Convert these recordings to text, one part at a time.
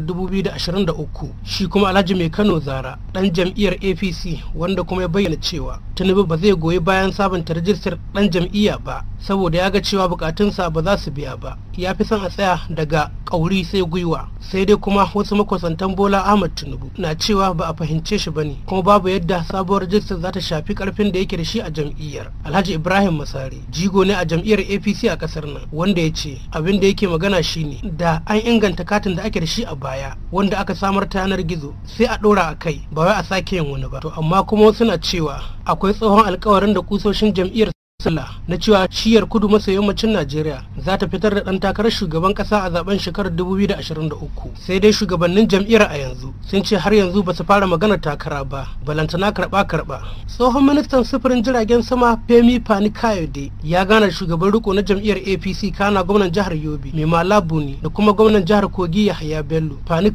da 2023 shi kuma alhaji mai kano zara dan jam'iyyar apc wanda kuma ya bayyana cewa tinubu ba zai goyi bayan sabunta rajistar dan jam'iyya ba saboda ya ga cewa bukatunsa ba za su biya ba ya fi son a tsaya daga kauri sai gwiwa sai dai kuma wasu makwasantan bola ahmad tinubu na cewa ba a fahimce shi ne. kuma babu yadda sabuwar rajistar za ta shafi karfin da yake da shi a jam'iyyar alhaji ibrahim masari jigo ne a jam'iyyar apc a kasar nan wanda ya ce abin da yake magana shi ne. da an inganta katin da ake da shi a baya wanda aka samar ta yanar gizo sai a ɗora a kai ba wai a sake yin wani ba to amma kuma suna cewa akwai tsohon alkawarin da kusoshin jam'iyyar sila na cewa ciyar kudu maso yammacin najeriya za ta fitar da ɗan takarar shugaban ƙasa a zaben shekarar 2023 sai dai shugabannin jam'iyyar a yanzu sun ce har yanzu ba su fara magana takara ba balantana karɓa karɓa tsohon ministan sufurin jiragen sama femi fani kayode ya gana shugaban riko na jam'iyyar apc kana gwamnan jihar yobe mai malabu ne da kuma gwamnan jihar kogi yahaya bello fani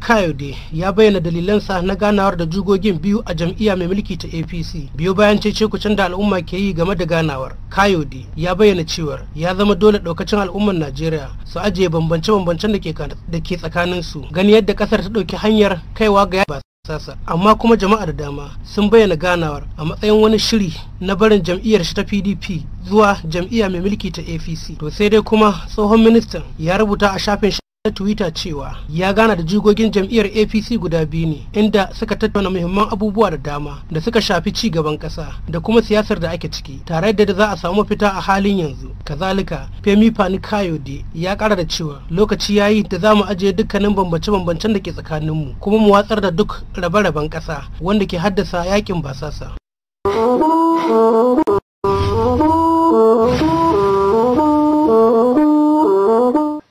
ya bayyana dalilansa na ganawar da jugogin biyu a jam'iyya mai mulki ta apc biyo bayan cece kucin da al'umma ke yi game da ganawar kayode ya bayyana cewar ya zama dole daukacin al'ummar najeriya su ajiye bambance-bambancen da ke tsakanin su gani yadda kasar ta ɗauki hanyar kaiwa ga ba sasa amma kuma jama'a da dama sun bayyana ganawar a matsayin wani shiri na barin jam'iyyar shi ta pdp zuwa jam'iyya mai mulki ta apc to sai dai kuma tsohon ministan ya rubuta a shafin na twitter cewa ya gana da jigogin jam'iyyar apc guda biyu ne inda suka tattauna muhimman abubuwa da dama da suka shafi ci gaban kasa da kuma siyasar da ake ciki tare da za a samu fita a halin yanzu kazalika femi panikayode ya kara da cewa lokaci yayi da za mu ajiye dukkanin bambance-bambancen da ke tsakaninmu kuma mu watsar da duk rabe-raben kasa wanda ke haddasa yakin basasa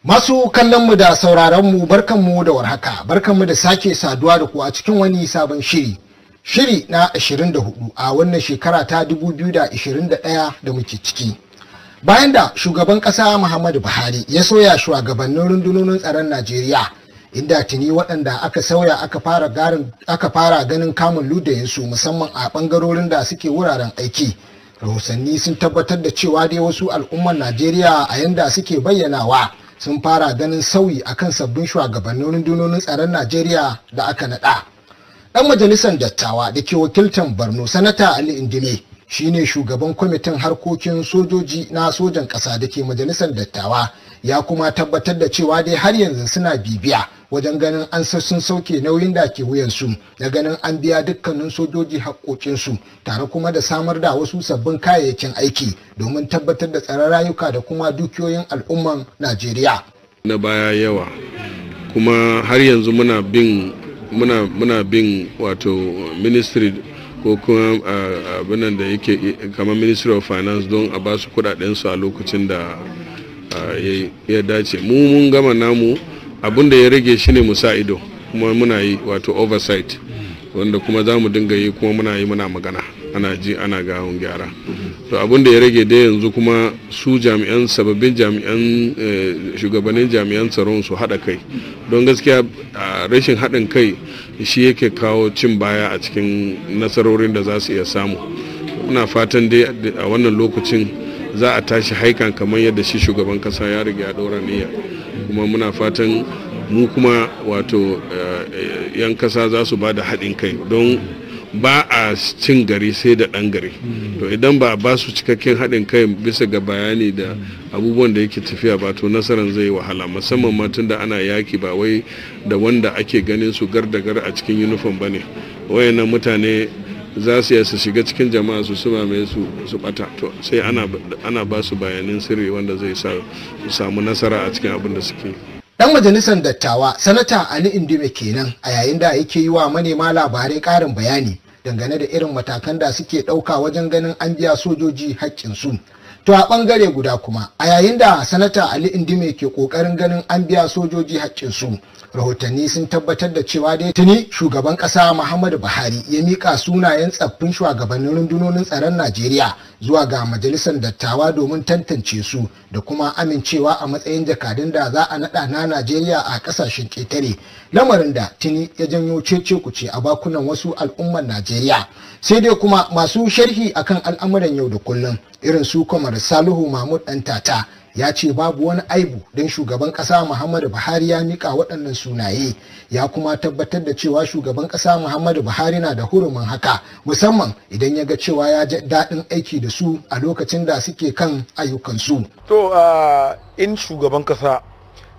Masu kallon kallonmu da barkan mu da warhaka, barkan mu da sake saduwa da ku a cikin wani sabon shiri. Shiri na 24 a wannan shekara ta 2021 da muke ciki. Bayan da shugaban ƙasa Muhammadu Buhari ya soya shugabannin rundunonin tsaron Najeriya, inda tuni waɗanda aka sauya aka fara ganin kamun ludayinsu musamman a ɓangarorin da suke wuraren aiki. rahusanni sun tabbatar da cewa dai wasu al'ummar Najeriya a yanda suke bayyanawa. sun fara ganin sauyi akan sabbin shugabannin rundunonin tsaron najeriya da aka naɗa ɗan majalisar dattawa da ke wakiltar borno sanata ali ingile shine shugaban kwamitin harkokin sojoji na sojan ƙasa da ke majalisar dattawa ya kuma tabbatar da cewa dai har yanzu suna bibiya wajen ganin an sun sauke nauyin da ke wuyansu da ganin an biya dukkanin sojoji haƙoƙinsu tare kuma da samar da wasu sabbin kayayyakin aiki domin tabbatar da tsaron rayuka da kuma dukiyoyin al'umman najeriya na baya yawa kuma har yanzu muna bin muna wato ministry ko kuma ah, abinan da yake kamar ministry of finance don a basu kudaden su a lokacin da ya dace mu mun gama namu abinda ya rage shi ne musa ido kuma muna yi wato oversight wanda kuma za mu dinga yi kuma muna yi muna magana ana ji ana gawon gyara to abinda ya rage dai yanzu kuma su jami'an sababbin jami'an eh, shugabannin jami'an tsaron su haɗa kai don gaskiya rashin haɗin kai shi yake kawo cin baya a cikin nasarorin da za su iya samu muna fatan dai a wannan lokacin za a tashi haikan kamar yadda shi shugaban kasa ya riga ya dora niyya kuma muna fatan mu kuma wato eh, yan kasa za su ba da haɗin kai don ba a cin gari sai da ɗan gari to idan ba ba su cikakken haɗin kai bisa ga bayani da abubuwan da yake tafiya ba to nasarar zai wahala musamman ma da ana yaki ba wai da wanda ake ganin su gar da gar a cikin yunifom ba ne wayannan mutane za su yasa shiga cikin jama'a su suma mai su su bata to sai ana ba su bayanin sirri wanda zai sa su samu nasara a cikin abin da suke dan majalisar dattawa sanata ali indume kenan a yayin da yake yi wa manema labarai karin bayani dangane da irin matakan da suke ɗauka wajen ganin an biya sojoji su. to a bangare guda kuma a yayin da sanata ali indime ke kokarin ganin an biya sojoji haƙƙinsu rahotanni sun tabbatar da cewa dai tuni shugaban ƙasa muhammadu buhari ya miƙa sunayen tsaffin shugabannin rundunonin tsaron najeriya zuwa ga majalisar dattawa domin tantance su da kuma amincewa a matsayin jakadun da za a naɗa na najeriya a ƙasashen ƙetare lamarin da tuni ya janyo cece kuce a bakunan wasu al'ummar najeriya sai dai kuma masu sharhi akan al'amuran yau da kullum irin su kwamar salihu mahmud ɗan tata ya ce babu wani aibu don shugaban kasa muhammadu buhari ya mika waɗannan sunaye ya kuma tabbatar da cewa shugaban kasa muhammadu buhari na da hurumin haka musamman idan ya ga cewa ya ji daɗin aiki da su a lokacin da suke kan ayyukansu to in shugaban kasa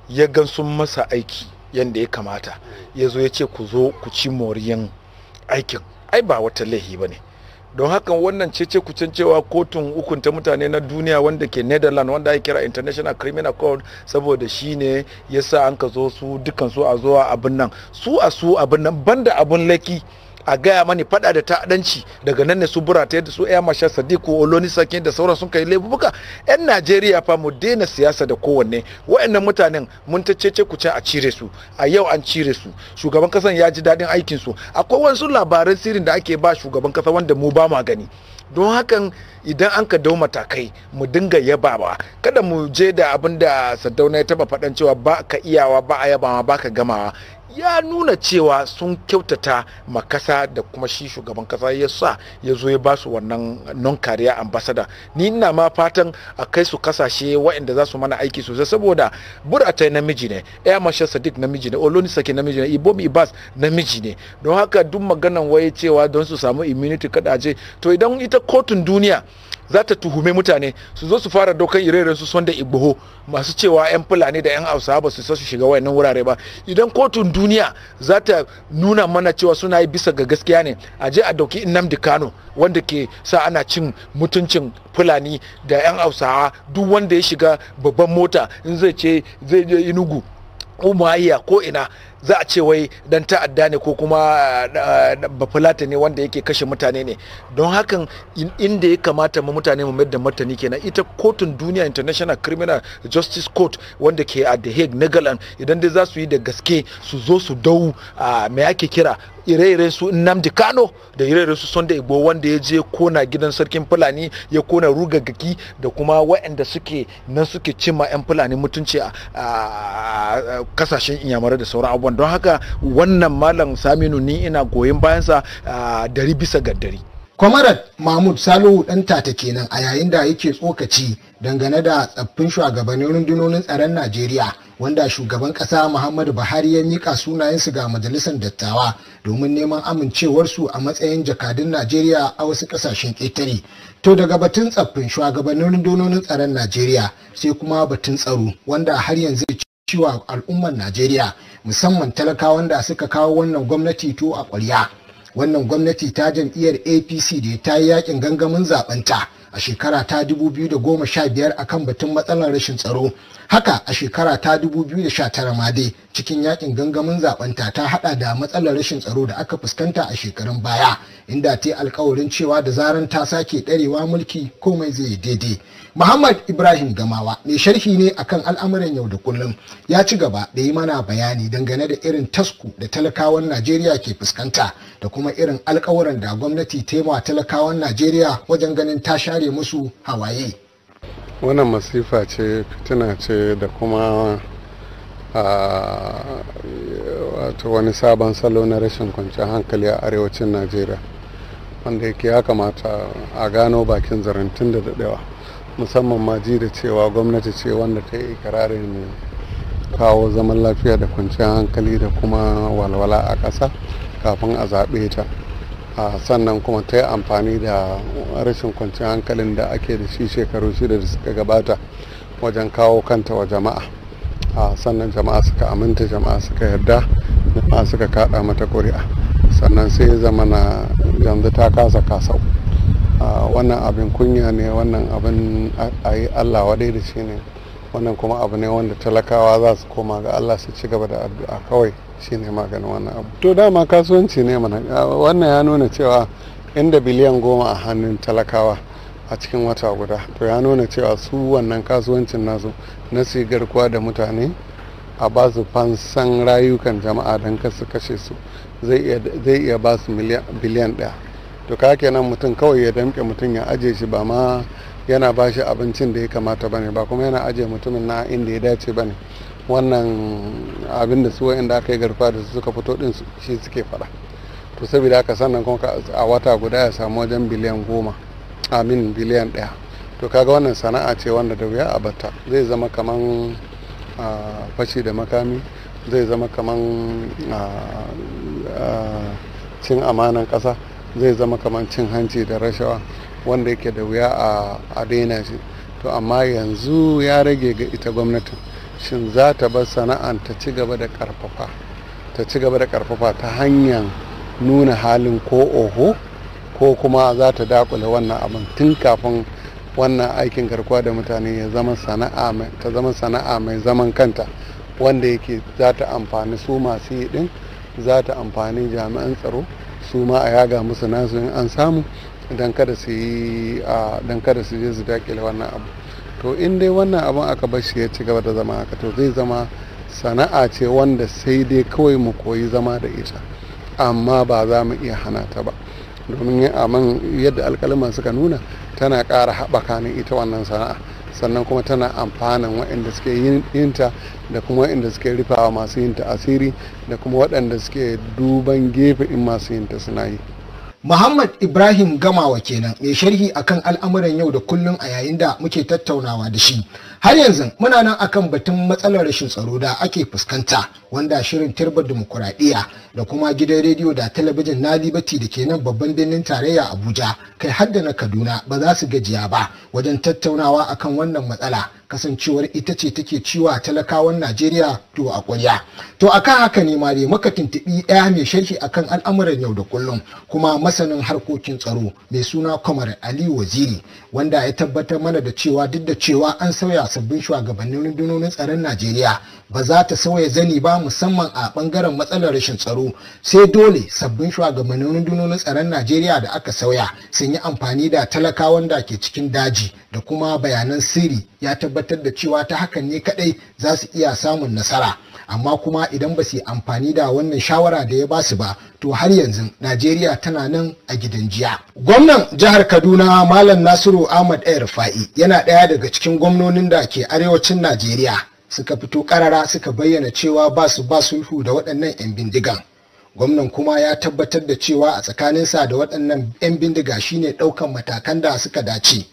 ya gan sun masa aiki yadda ya kamata ya zo ya ce ku zo ku ci moriyan aikin ai ba wata laifi ba ne don hakan wannan cece kucin cewa kotun hukunta mutane na duniya wanda ke netherlands wanda ake kira international criminal court saboda shi ne ya sa an ka zo su dukansu a zuwa abin nan su a su abin nan banda abin laki a gaya mani fada da ta'adanci daga nan ne su burata yadda su ya masha sadiku oloni sarki da sauran sun kai laifuka yan najeriya fa mu daina siyasa da kowanne wa'annan mutanen mun ta cece ku a cire su a yau an cire su shugaban kasan ya ji daɗin aikin su akwai wasu labaran sirrin da ake ba shugaban kasa wanda mu ba ma gani don hakan idan an ka dau matakai mu dinga yabawa kada mu je da abin da sadauna ya taba faɗan cewa ba ka iyawa ba a yabawa ba ka gamawa ya nuna cewa sun kyautata makasa da kuma shi shugaban kasa ya sa ya zo ya ba su wannan non kariya ambasada ni ina ma fatan a kai su kasashe waɗanda za su mana aiki sosai saboda buratai namiji ne ya mashar sadiq namiji ne sake namiji ne ibom ibas namiji ne don haka duk maganan wai cewa don su samu immunity kada je? to idan ita kotun duniya za ta tuhume mutane su zo su fara dokan ire su son da igboho masu cewa 'yan fulani da 'yan hausa ba su su shiga wayannan wurare ba idan kotun duniya za ta nuna mana cewa suna yi bisa ga gaskiya ne a je a dauki nnamdi kano wanda ke sa ana cin mutuncin fulani da 'yan hausawa duk wanda ya shiga babban mota in zai ce zai je inugu umayya ko ina za a ce wai dan ta'adda ne ko kuma eh, bafulata ne wanda yake kashe mutane ne don hakan inda ya kamata mu mutane mu da martani kenan ita kotun duniya international criminal justice court wanda ke a the hague netherlands idan dai za su yi da gaske su zo su dau me ake kira ire ire su Nnamdi Kano da ire-iren su Sunday Igbo wanda ya je kona gidan sarkin Fulani ya kona rugagaki da kuma waɗanda suke nan suke cimma 'yan Fulani mutunci a kasashen inyamurai da sauran abubuwan abubuwan don haka wannan malam saminu ni ina goyon bayansa a dari bisa ga dari kwamarat mahmud salihu dan tata kenan a yayin da yake tsokaci dangane da tsaffin shugabannin rundunonin tsaron najeriya wanda shugaban kasa muhammadu buhari ya mika sunayensu ga majalisar dattawa domin neman amincewarsu a matsayin jakadun najeriya a wasu kasashen ƙetare to daga batun tsaffin shugabannin rundunonin tsaron najeriya sai kuma batun tsaro wanda har yanzu ciwa al'ummar Najeriya musamman talakawan da suka kawo wannan gwamnati to a ƙwarya. Wannan gwamnati ta jam'iyyar APC da ta yi yakin gangamin zaɓenta a shekara ta 2015 akan batun matsalar rashin tsaro. Haka a shekara ta 2019 ma dai cikin yakin gangamin zaɓenta ta haɗa da matsalar rashin tsaro da aka fuskanta a shekarun baya inda ta yi alkawarin cewa da zaran ta sake ɗarewa mulki komai zai daidai. Muhammad Ibrahim Gamawa mai sharhi ne akan al'amuran yau da kullum ya ci gaba da yi mana bayani dangane da irin tasku da talakawan Najeriya ke fuskanta da kuma irin alkawuran da gwamnati ta yi wa talakawan Najeriya wajen ganin ta share musu hawaye. Wannan masifa ce fitina ce da kuma wato wani sabon salo na rashin kwanciyar hankali a arewacin Najeriya wanda yake ya kamata a gano bakin zarantun da daɗewa. musamman ma ji da cewa gwamnati ce wanda ta yi ikirarin kawo zaman lafiya da kwanciyar hankali da kuma walwala a ƙasa kafin a zaɓe ta sannan kuma ta yi amfani da rashin kwanciyar hankalin da ake da shi shekaru shida da suka gabata wajen kawo kanta wa jama'a sannan jama'a suka aminta jama'a suka yarda jama'a suka kaɗa mata ƙuri'a sannan sai yanzu ta kasa kasau wannan abin kunya ne wannan abin a yi allah wadai da shi ne wannan kuma abu ne wanda talakawa za su koma ga allah su ci gaba da addu'a kawai shi ne maganin wannan abu to dama kasuwanci ne mana wannan ya nuna cewa inda biliyan goma a hannun talakawa a cikin wata guda to ya nuna cewa su wannan kasuwancin nasu na sigar garkuwa da mutane a ba su fansan rayukan jama'a don kasu kashe su zai iya ba su biliyan ɗaya to ka kenan mutum kawai ya damke mutum ya ajiye shi ba ma yana ba shi abincin da ya kamata bane ba kuma yana ajiye mutumin na inda ya dace bane wannan abin da su wa'anda aka yi garfa da su suka fito din shi suke faɗa to saboda haka sannan kuma a wata guda ya samu wajen biliyan goma amin biliyan daya to kaga wannan sana'a ce wanda da wuya a batta zai zama kaman fashi da makami zai zama kaman cin amanan kasa zai zama kamar cin hanci da rashawa wanda yake da wuya a daina shi to amma yanzu ya rage ga ita gwamnatin shin za ta bar sana'an ta ci gaba da karfafa ta ci gaba da karfafa ta hanyar nuna halin ko oho ko kuma za ta dakule wannan abin tun kafin wannan aikin garkuwa da mutane ya zama sana'a mai ta zama sana'a mai zaman kanta wanda yake za ta amfani su masu yi din za ta amfani jami'an tsaro su ma a yaga musu nasu in an samu don kada su yi a don kada su je su dakile wannan abu to in dai wannan abun aka bar shi ya ci gaba da zama haka to zai zama sana'a ce wanda sai dai kawai mu koyi zama da ita amma ba za mu iya hana ta ba domin yadda alkalman suka nuna tana ƙara haɓaka ne ita wannan sana'a sannan kuma tana amfanin waɗanda suke yinta da kuma waɗanda suke rufawa masu ta asiri da kuma waɗanda suke duban gefe in masu ta suna yi Muhammad Ibrahim Gamawa kenan mai sharhi akan al'amuran yau da kullum a yayin da muke tattaunawa da shi. har yanzu muna nan akan batun matsalar rashin tsaro da ake fuskanta wanda shirin turbar dimokuraɗiyya da kuma gidan rediyo da talabijin na libati da ke nan babban birnin tarayya abuja kai haddana kaduna ba za su gajiya ba wajen tattaunawa akan wannan matsala kasancewar ita ce take ciwa talakawan najeriya to a ƙwarya to a akan haka ne ma dai muka tuntuɓi ɗaya mai sharhi akan al'amuran yau da kullum kuma masanin harkokin tsaro mai suna kamar ali waziri wanda ya tabbatar mana da cewa duk da cewa an sauya sabbin shugabannin rundunonin tsaron najeriya ba za ta sauya zani ba musamman a bangaren matsalar rashin tsaro sai dole sabbin shugabannin rundunonin tsaron najeriya da aka sauya sun yi amfani da talakawan da ke cikin daji da kuma bayanan sirri ya tabbatar tabbatar da cewa ta hakan ne kadai za su iya samun nasara amma kuma idan ba su yi amfani da wannan shawara da ya ba su ba to har yanzu najeriya tana nan a gidan jiya gwamnan jihar kaduna malam nasiru ahmad el rufa'i yana ɗaya daga cikin gwamnonin da ke arewacin najeriya suka fito karara suka bayyana cewa ba su ba sulhu da waɗannan 'yan bindigan gwamnan kuma ya tabbatar da cewa a tsakaninsa da waɗannan 'yan bindiga shine ɗaukan matakan da suka dace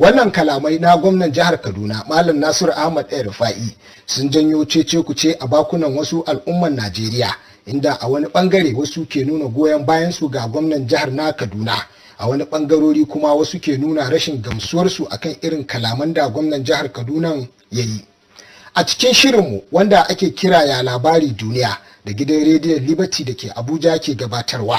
wannan kalamai na gwamnan jihar kaduna malam nasiru ahmad el rufa'i sun janyo cece kuce a bakunan wasu al'umman najeriya inda a wani bangare wasu ke nuna goyon bayan su ga gwamnan jihar na kaduna a wani bangarori kuma wasu ke nuna rashin gamsuwarsu akan irin kalaman da gwamnan jihar kaduna ya yi a cikin shirinmu wanda ake kira ya labari duniya da gidan rediyon liberty da ke abuja ke gabatarwa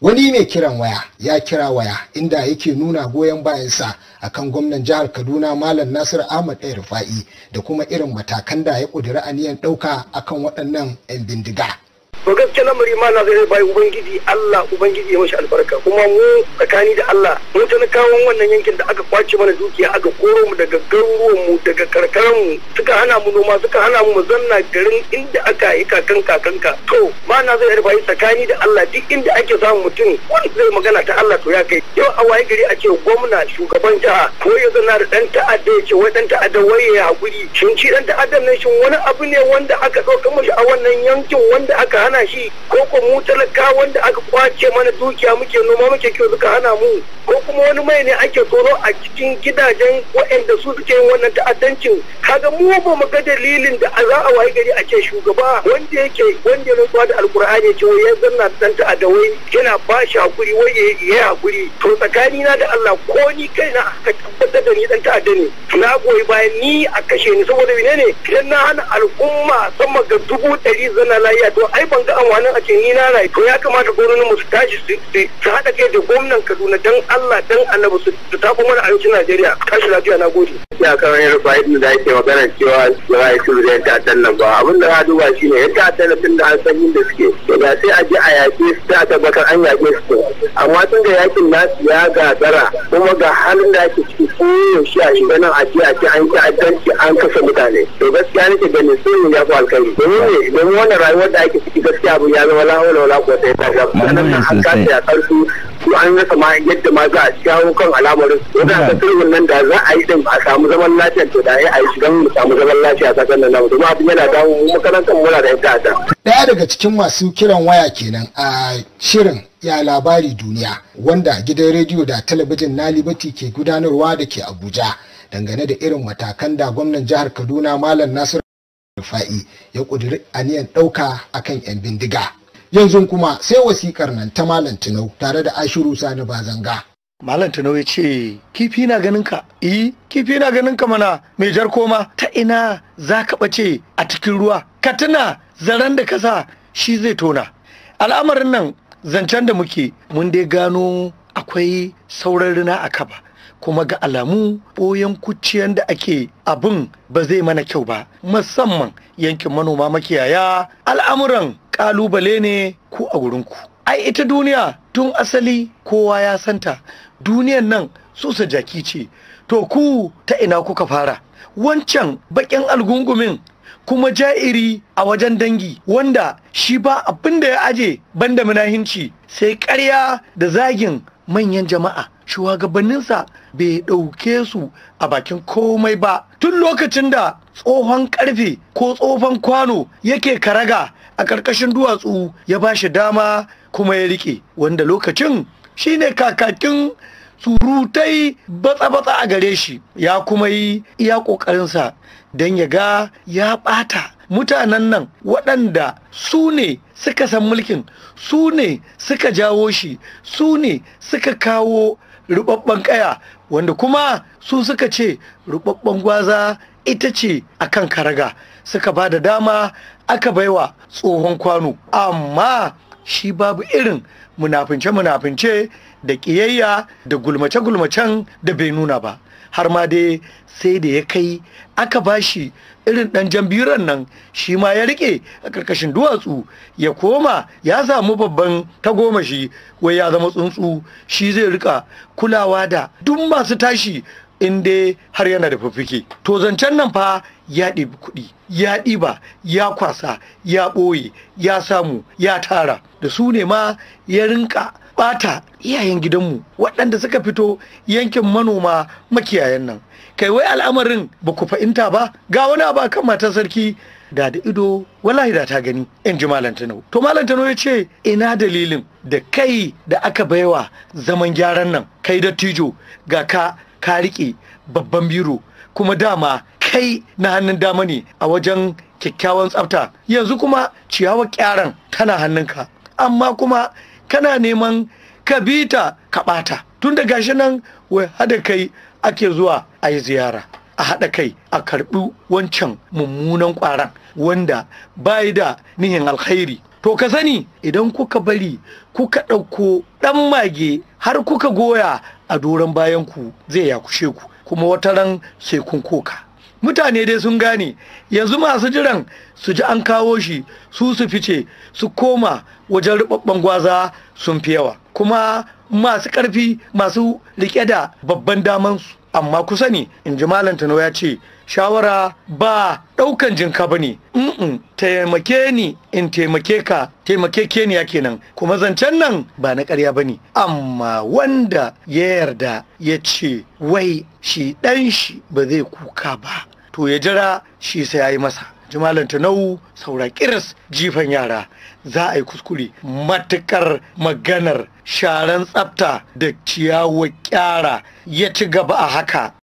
wani mai kiran waya ya kira waya inda yake nuna goyon bayansa akan gwamnan jihar kaduna malam Nasiru ahmad ɗaya rufa'i da kuma irin matakan da ya ƙudiri aniyan ɗauka akan waɗannan 'yan bindiga to gaskiya lamari ma na zai bai ubangiji Allah ubangiji ya mashi albarka kuma mu tsakani da Allah tana talakawan wannan yankin da aka kwace mana dukiya aka koro mu daga garuruwan mu daga karkaran mu suka hana mu noma suka hana mu zanna garin inda aka yi kakan kakanka to ma na zai bai tsakani da Allah duk inda ake samun mutum wani zai magana ta Allah to ya kai yau a waye gari a ce gwamna shugaban jiha ko ya zana da dan ta'adda ya ce wai dan ta'adda wai ya hakuri shin ci dan ta'addan nan shin wani abu ne wanda aka dauka mashi a wannan yankin wanda aka hana hana shi ko ko mu talaka wanda aka kwace mana dukiya muke noma muke kiwo suka hana mu ko kuma wani mai ne ake tsoro a cikin gidajen waɗanda su suke yin wannan ta'addancin kaga mu ba mu ga dalilin da za a wayi gari a ce shugaba wanda yake wanda ya rantsuwa da alkur'ani cewa ya zanna dan ta'adda wai yana ba shi hakuri wai ya yi hakuri to tsakani na da Allah ko ni kai na aka tabbatar da ni dan ta'adda ne na goyi bayan ni a kashe ni saboda menene idan na hana al'umma sama ga dubu ɗari zana lafiya to ai ba ban ga amfanin a ce ni na rai to ya kamata gwamnatin mu su tashi su haɗa kai da gwamnan Kaduna dan Allah dan Annabi su tafi mana arewacin Najeriya tashi lafiya na gode. Ya kamar yin rufa idan da ake magana cewa ba a su da nan ba abin da za duba shi ne yan ta'atan tun da an san da suke ba sai a je a yaƙe su ta tabbatar an yaƙe su amma tun da yakin nasu ya gagara kuma ga halin da ake ciki ko yaushe a shiga nan a ce a ce an ta'addanci an kasa mutane to gaskiya nake ganin sun ya fi alkhairi domin ne domin wannan rayuwar da ake ciki gaskiya abu ya zama la'ola wala ko sai ta ga nan ya karsu su an rasa ma yadda ma za a shawo kan al'amarin da ka nan da za a yi din a samu zaman lafiya to da ai a yi shigan mu samu zaman lafiya ta kan nan kuma abin yana dawo mu makaranta mu da ita ta daya daga cikin masu kiran waya kenan a shirin ya labari duniya wanda gidan rediyo da talabijin na libati ke gudanarwa da ke abuja dangane da irin matakan da gwamnan jihar kaduna malam nasiru fai ya ƙudiri aniyan ɗauka akan 'yan bindiga yanzu kuma sai wasikar nan ta malam tinau tare da ashiru sani bazanga malam tinau ya ce kifi na ganin ka eh kifi na ganin ka mana mai jar koma ta ina za ka ɓace a cikin ruwa ka tuna zaren da kasa shi zai tona al'amarin nan zancen da muke mun dai gano akwai sauran rina a kaba kuma ga alamu ɓoyon kuciyan da ake abin ba zai mana kyau ba musamman yankin manoma makiyaya al'amuran ƙalubale ne ku a wurinku ai ita duniya tun asali kowa ya santa duniyan nan susa jaki ce to ku ta ina kuka fara wancan baƙin algungumin kuma ja'iri a wajen dangi wanda shi ba abin da ya aje banda munahinci sai ƙarya da zagin manyan jama'a shugabanninsa bai ɗauke su a bakin komai ba tun lokacin da tsohon ƙarfe ko tsohon kwano yake karaga a ƙarƙashin duwatsu ya ba shi dama kuma ya riƙe wanda lokacin shine kakakin surutai batsa-batsa a gare shi ya kuma yi iya ƙoƙarinsa don ya ga ya ɓata mutanen nan waɗanda su ne suka san mulkin su ne suka jawo shi su ne suka kawo rubabban ƙaya, wanda kuma su suka ce rubabban gwaza ita ce a kan karaga suka ba da dama aka baiwa tsohon kwano amma shi babu irin munafince-munafince da ƙiyayya da gulmace-gulmacen da bai nuna ba har ma dai sai da ya kai aka bashi irin ɗan jambiran nan shi ma ya riƙe a ƙarƙashin duwatsu ya koma ya samu babban tagomashi wai ya zama tsuntsu shi zai riƙa kulawa da duk masu tashi in dai har yana da fafike to zancen nan fa ya ɗibi kuɗi ya ɗiba ya kwasa ya ɓoye ya samu ya tara da su ne ma ya rinka ɓata iyayen gidanmu waɗanda suka fito yankin manoma makiyayan nan kai wai al'amarin ba ku fahimta ba ga wani abu kan matar sarki da da ido wallahi da ta gani in ji malam to malam ya ce ina dalilin da kai da aka baiwa zaman gyaran nan kai da tijo ga ka ka riƙe babban biro kuma dama kai na hannun dama ne a wajen kyakkyawan tsafta yanzu kuma ciyawa kyaran tana hannunka amma kuma kana neman ka bi ta ka ɓata tun da gashi nan wai hada kai ake zuwa a yi ziyara a haɗa kai a karɓi wancan mummunan ƙwaran wanda bayi da nihin alkhairi to ka sani idan kuka bari kuka ɗauko ɗan mage har kuka goya a doron bayan ku zai yakushe ku kuma wata ran sai kun koka mutane dai sun gane yanzu masu jiran su ji an kawo shi su su fice su koma wajen rubabban gwaza sun fi yawa kuma masu ƙarfi masu riƙe da babban damansu amma kusa ne in ji malam tano ya ce shawara ba ɗaukan jinka ba ne taimake ni in taimake ka taimake ke ni kenan kuma zancen nan ba na karya ba ne amma wanda ya yarda ya ce wai shi ɗan shi ba zai kuka ba to ya jira shi sai ya yi masa jimalan tanau saura kiris jifan yara za a yi kuskure matukar maganar sharan tsafta da ciyawa kyara ya ci gaba a haka